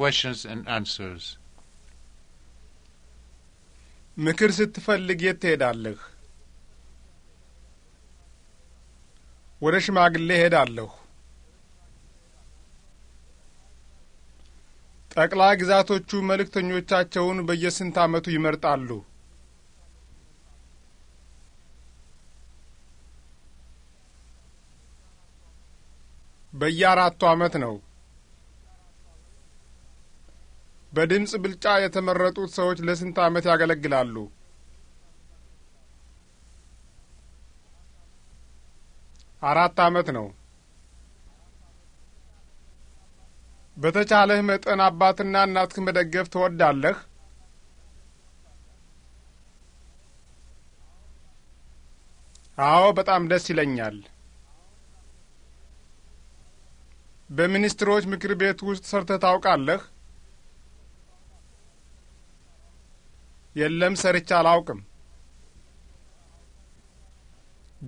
questions and answers. ምክር ስትፈልግ የት ትሄዳለህ? ወደ ሽማግሌ እሄዳለሁ? ጠቅላይ ግዛቶቹ መልእክተኞቻቸውን በየስንት ዓመቱ ይመርጣሉ? በየአራቱ ዓመት ነው። በድምፅ ብልጫ የተመረጡት ሰዎች ለስንት ዓመት ያገለግላሉ? አራት ዓመት ነው። በተቻለህ መጠን አባትና እናትህ መደገፍ ትወዳለህ? አዎ፣ በጣም ደስ ይለኛል። በሚኒስትሮች ምክር ቤት ውስጥ ሰርተህ ታውቃለህ? የለም ሰርቻ አላውቅም።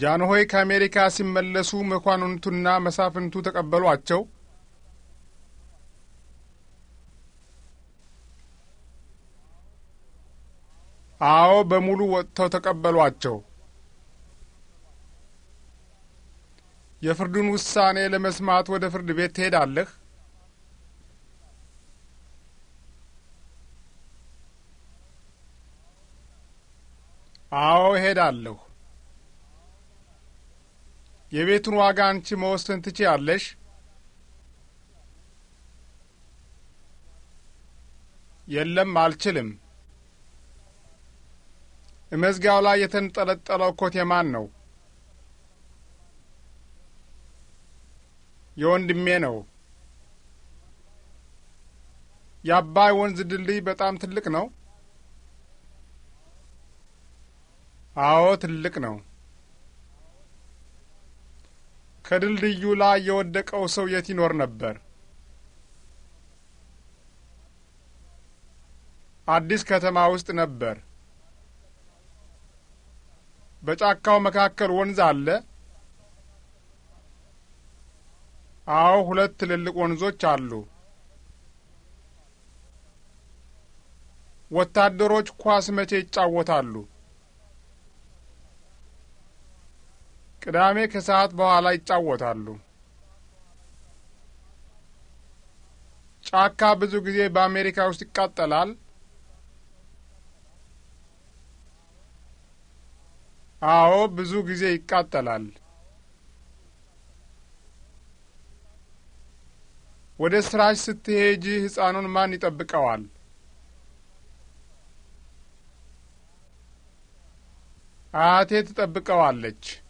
ጃንሆይ ከአሜሪካ ሲመለሱ መኳንንቱና መሳፍንቱ ተቀበሏቸው። አዎ፣ በሙሉ ወጥተው ተቀበሏቸው። የፍርዱን ውሳኔ ለመስማት ወደ ፍርድ ቤት ትሄዳለህ? እሄዳለሁ። የቤቱን ዋጋ አንቺ መወሰን ትችያለሽ? የለም፣ አልችልም። እመዝጋው ላይ የተንጠለጠለው ኮት የማን ነው? የወንድሜ ነው። የአባይ ወንዝ ድልድይ በጣም ትልቅ ነው። አዎ ትልቅ ነው። ከድልድዩ ላይ የወደቀው ሰው የት ይኖር ነበር? አዲስ ከተማ ውስጥ ነበር። በጫካው መካከል ወንዝ አለ? አዎ፣ ሁለት ትልልቅ ወንዞች አሉ። ወታደሮች ኳስ መቼ ይጫወታሉ? ቅዳሜ ከሰዓት በኋላ ይጫወታሉ። ጫካ ብዙ ጊዜ በአሜሪካ ውስጥ ይቃጠላል? አዎ፣ ብዙ ጊዜ ይቃጠላል። ወደ ስራሽ ስትሄጂ ሕፃኑን ማን ይጠብቀዋል? አያቴ ትጠብቀዋለች።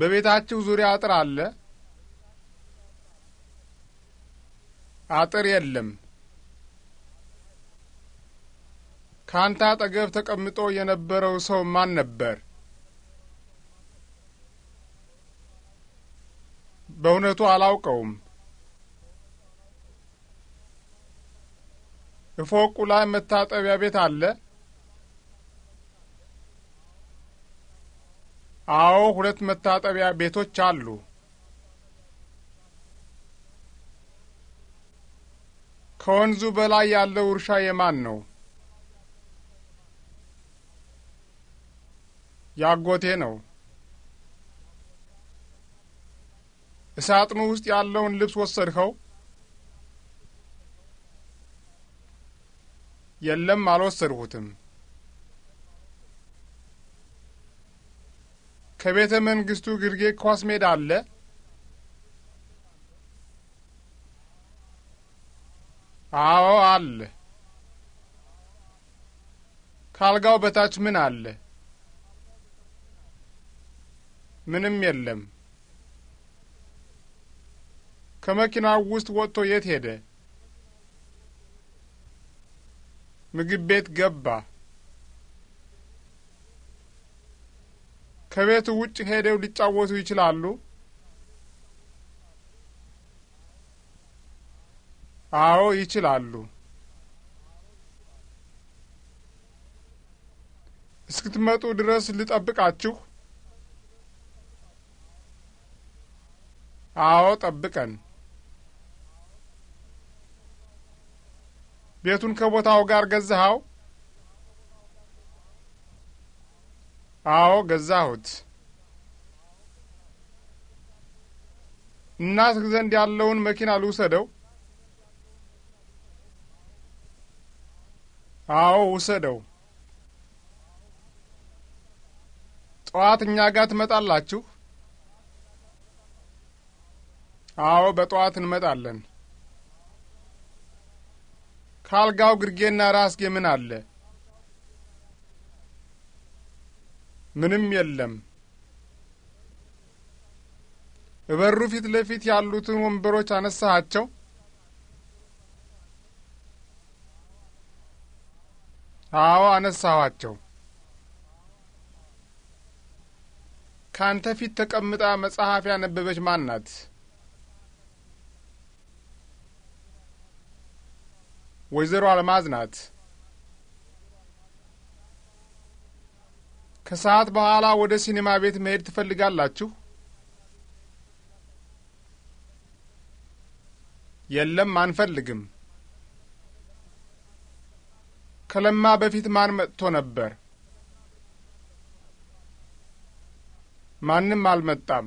በቤታችሁ ዙሪያ አጥር አለ? አጥር የለም። ካንተ አጠገብ ተቀምጦ የነበረው ሰው ማን ነበር? በእውነቱ አላውቀውም። እፎቁ ላይ መታጠቢያ ቤት አለ? አዎ፣ ሁለት መታጠቢያ ቤቶች አሉ። ከወንዙ በላይ ያለው እርሻ የማን ነው? ያጎቴ ነው። እሳጥኑ ውስጥ ያለውን ልብስ ወሰድኸው? የለም፣ አልወሰድሁትም። ከቤተ መንግስቱ ግርጌ ኳስ ሜዳ አለ። አዎ አለ። ካልጋው በታች ምን አለ? ምንም የለም። ከመኪናው ውስጥ ወጥቶ የት ሄደ? ምግብ ቤት ገባ። ከቤቱ ውጭ ሄደው ሊጫወቱ ይችላሉ? አዎ ይችላሉ። እስክትመጡ ድረስ ልጠብቃችሁ? አዎ ጠብቀን። ቤቱን ከቦታው ጋር ገዛኸው? አዎ ገዛሁት። እናትህ ዘንድ ያለውን መኪና ልውሰደው? አዎ ውሰደው። ጠዋት እኛ ጋር ትመጣላችሁ? አዎ በጠዋት እንመጣለን። ካልጋው ግርጌና ራስጌ ምን አለ? ምንም የለም። እበሩ ፊት ለፊት ያሉትን ወንበሮች አነሳሃቸው? አዎ አነሳኋቸው። ካንተ ፊት ተቀምጣ መጽሐፍ ያነበበች ማን ናት? ወይዘሮ አልማዝ ናት። ከሰዓት በኋላ ወደ ሲኔማ ቤት መሄድ ትፈልጋላችሁ? የለም፣ አንፈልግም። ከለማ በፊት ማን መጥቶ ነበር? ማንም አልመጣም።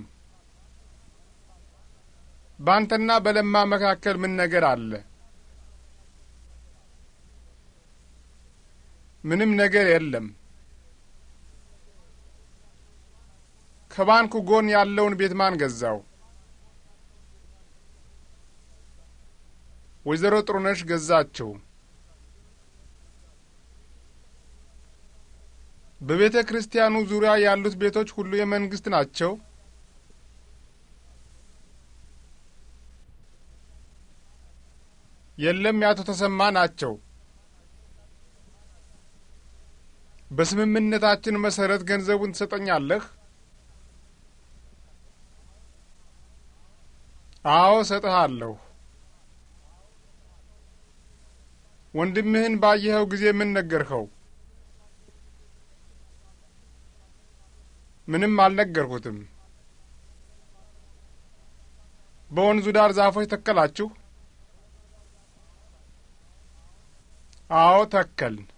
ባንተና በለማ መካከል ምን ነገር አለ? ምንም ነገር የለም። ከባንኩ ጎን ያለውን ቤት ማን ገዛው? ወይዘሮ ጥሩነሽ ገዛችው። በቤተ ክርስቲያኑ ዙሪያ ያሉት ቤቶች ሁሉ የመንግስት ናቸው? የለም፣ ያቶ ተሰማ ናቸው። በስምምነታችን መሰረት ገንዘቡን ትሰጠኛለህ? አዎ ሰጥሃለሁ። ወንድምህን ባየኸው ጊዜ ምን ነገርኸው? ምንም አልነገርሁትም። በወንዙ ዳር ዛፎች ተከላችሁ? አዎ ተከልን።